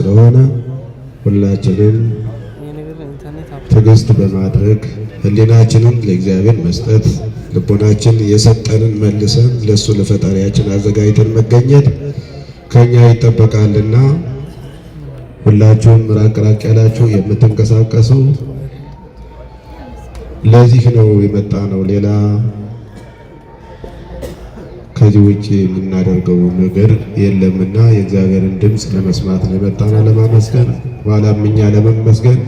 ስለሆነ ሁላችንም ትዕግስት በማድረግ ህሊናችንን ለእግዚአብሔር መስጠት ልቦናችን የሰጠንን መልሰን ለእሱ ለፈጣሪያችን አዘጋጅተን መገኘት ከኛ ይጠበቃልና ሁላችሁም ራቅ ራቅ ያላችሁ የምትንቀሳቀሱ ለዚህ ነው የመጣ ነው ሌላ ከዚህ ውጭ የምናደርገው ነገር የለምና የእግዚአብሔርን ድምፅ ለመስማት ነው ለማመስገን ኋላም እኛ ለመመስገን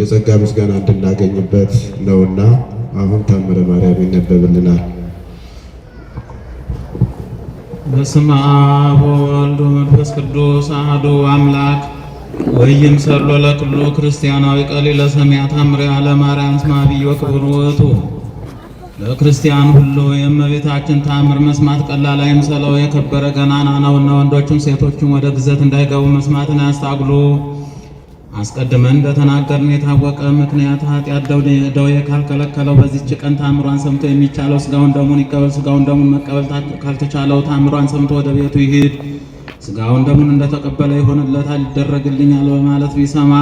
የጸጋ ምስጋና እንድናገኝበት ነውና አሁን ታምረ ማርያም ይነበብልናል። በስመ አብ ወወልድ ወመንፈስ ቅዱስ አሐዱ አምላክ ወይም ሰሎ ለኩሉ ክርስቲያናዊ ቀሊለ ሰሚያ ታምሪያ ለማርያም ስማብዮ ክብር ውእቱ ክርስቲያን ሁሉ የእመቤታችን ታምር መስማት ቀላል አይምሰለው፣ የከበረ ገናና እና ወንዶችም ሴቶችም ወደ ግዘት እንዳይገቡ መስማትን ያስታግሉ። አስቀድመን እንደተናገርን የታወቀ ምክንያት ኃጢአት ደዌ ካልከለከለው በዚች ቀን ታምሯን ሰምቶ የሚቻለው ስጋውን ደሙን ይቀበል። ስጋውን ደሙን መቀበል ካልተቻለው ታምሯን ሰምቶ ወደ ቤቱ ይሂድ። ስጋውን ደሙን እንደተቀበለ ይሆንለታል፣ ይደረግልኛል በማለት ቢሰማ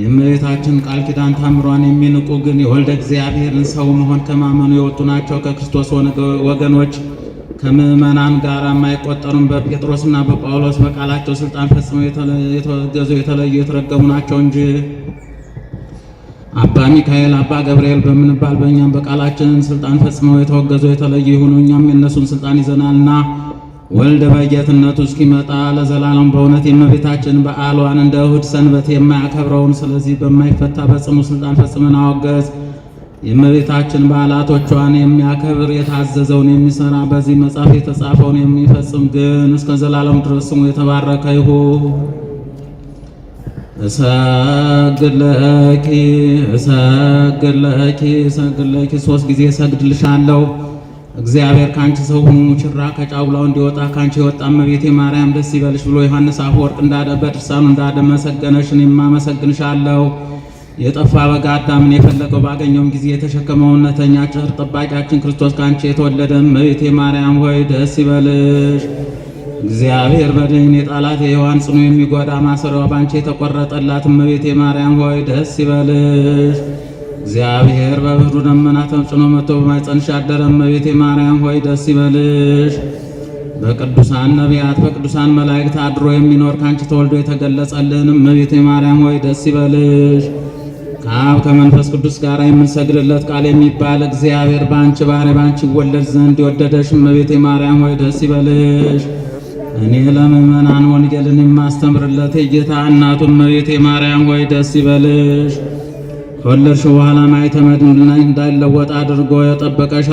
የእመቤታችን ቃል ኪዳን ታምሯን የሚንቁ ግን የወልደ እግዚአብሔርን ሰው መሆን ከማመኑ የወጡ ናቸው። ከክርስቶስ ወገኖች ከምእመናን ጋር የማይቆጠሩም በጴጥሮስና በጳውሎስ በቃላቸው ስልጣን ፈጽመው የተወገዙ የተለዩ የተረገሙ ናቸው እንጂ አባ ሚካኤል አባ ገብርኤል በምንባል በእኛም በቃላችን ስልጣን ፈጽመው የተወገዙ የተለዩ ይሁኑ እኛም የእነሱን ስልጣን ይዘናልና ወልደ በጌትነቱ እስኪመጣ ለዘላለም በእውነት የእመቤታችን በዓሏን እንደ እሁድ ሰንበት የማያከብረውን ስለዚህ በማይፈታ በጽኑ ስልጣን ፈጽመን አወገዝ። የእመቤታችን በዓላቶቿን የሚያከብር የታዘዘውን የሚሰራ በዚህ መጽሐፍ የተጻፈውን የሚፈጽም ግን እስከ ዘላለም ድረስ ስሙ የተባረከ ይሁን። እሰግለኪ እሰግለኪ እሰግለኪ ሶስት ጊዜ እሰግድልሻለሁ እግዚአብሔር ካንቺ ሰው ሆኖ ሙሽራ ከጫጉላው እንዲወጣ ካንቺ የወጣ እመቤቴ ማርያም ደስ ይበልሽ ብሎ ዮሐንስ አፈወርቅ እንዳደበት እንዳደ እንዳደመሰገነሽ እኔም አመሰግንሻለሁ። የጠፋ በጋ አዳምን የፈለገው ባገኘውም ጊዜ የተሸከመው እውነተኛ ጭር ጠባቂያችን ክርስቶስ ካንቺ የተወለደ እመቤቴ ማርያም ሆይ ደስ ይበልሽ። እግዚአብሔር በደህን የጣላት የሔዋን ጽኑ የሚጎዳ ማሰሪያዋ ባንቺ የተቆረጠላት እመቤቴ ማርያም ሆይ ደስ ይበልሽ። እግዚአብሔር በብሩ ደመና ተጭኖ መጥቶ በማይጸንሽ አደረ። እመቤቴ ማርያም ሆይ ደስ ይበልሽ። በቅዱሳን ነቢያት በቅዱሳን መላእክት አድሮ የሚኖር ካንቺ ተወልዶ የተገለጸልን እመቤቴ ማርያም ሆይ ደስ ይበልሽ። ከአብ ከመንፈስ ቅዱስ ጋር የምንሰግድለት ቃል የሚባል እግዚአብሔር በአንቺ ባሕርይ በአንቺ ይወለድ ዘንድ የወደደሽ እመቤቴ ማርያም ሆይ ደስ ይበልሽ። እኔ ለምእመናን ወንጌልን የማስተምርለት የጌታ እናቱ እመቤቴ ማርያም ሆይ ደስ ይበልሽ። ከወለድሽ በኋላ ማኅተመ ድንግልና እንዳይለወጥ አድርጎ የጠበቀሽ